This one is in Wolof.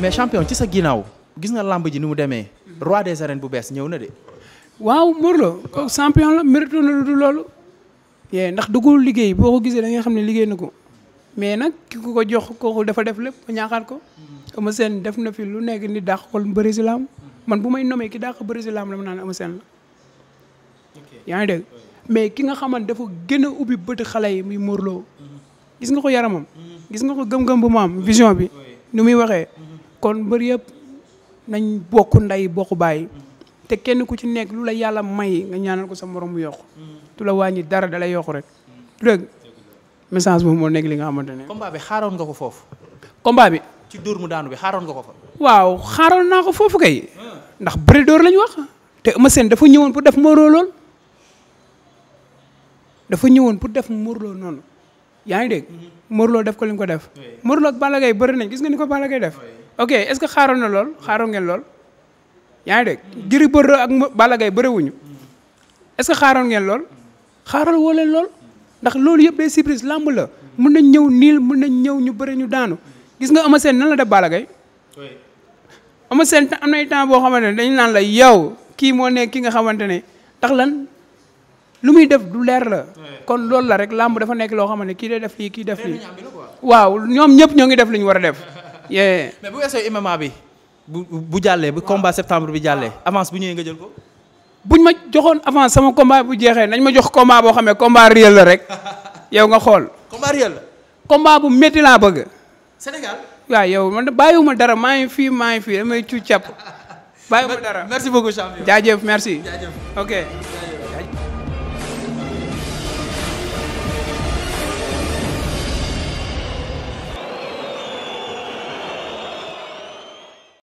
mais champion ci sa ginnaaw gis nga làmb ji ni mu demee roi des arènes bu bees ñëw na de. waaw Morlo ko champion la mérite na lu dul loolu. yee eh, ndax dugul liggéey boo ko gisee da nga xam ne liggéey na ko mais nag ki ko ko jox kooku dafa def lépp ñaaxaat ko. ama seen def na fi lu nekk ni dàq xool bëri laam man bu may nomee ki dàq bëri laam dama naan ama seen la. yaa ngi dégg mais ki nga xamante dafa gën a ubbi bëti xale yi muy Morlo. Mhm. gis nga ko yaramam. Mhm. gis nga ko gëm-gëm bi. kon mbër yëpp nañ bokk ndey bokk bàyyi te kenn ku ci nekk lu la yàlla may nga ñaanal ko sa morom mu yokku tu la wàññi dara da lay yokku rek dégg message moom moo nekk li nga xamante ne. combat bi xaaroon nga ko foofu. combat bi. ci dóor mu daanu bi xaaroon nga ko fa. waaw xaaroon naa ko foofu kay. ndax bëri dóor lañ wax. te Eumeu Sène dafa ñëwoon pour def Modou Lo lool dafa ñëwoon pour def Modou Lo noonu yaa ngi dégg. Mhm. Modou def ko li ko def. Modou Lo ak Balla Gaye bëri nañ gis nga ni ko Balla Gaye def. ok est ce que xaaroon na lool xaaroon ngeen lool yaa ngi dégg. Gris ak Balla Gaye bëriwuñu est ce que xaaroon ngeen lool xaaral woo leen lool ndax loolu yëpp day surprise làmb la mun nañ ñëw niil mun nañ ñëw ñu bëri ñu daanu gis nga Eumeu seen nan la def Balla Gaye. Eumeu Sène am nay temps boo xamante ne dañu naan la yow kii moo nekk ki nga xamante ne tax lan. lu muy def du leer la kon loolu la rek làmb dafa nekk loo xamante ne kii day def lii kii def lii waaw ñoom ñëpp ñoo ngi def li ñu war a def mais bu weesoo MMA bi bu bu jàllee bu combat septembre bi jàllee avance bu ñëwee nga jël ko. buñ ma joxoon avance sama combat bu jeexee nañ ma jox combat boo xam ne combat réel la rek yow nga xool. combat réel la. combat bu métti laa bëgg. Sénégal. waaw yow man bàyyiwuma dara maa ngi fii maa ngi fii damay cuucap bàyyiwuma dara merci beaucoup champion jaajëf merci. jaajëf ok.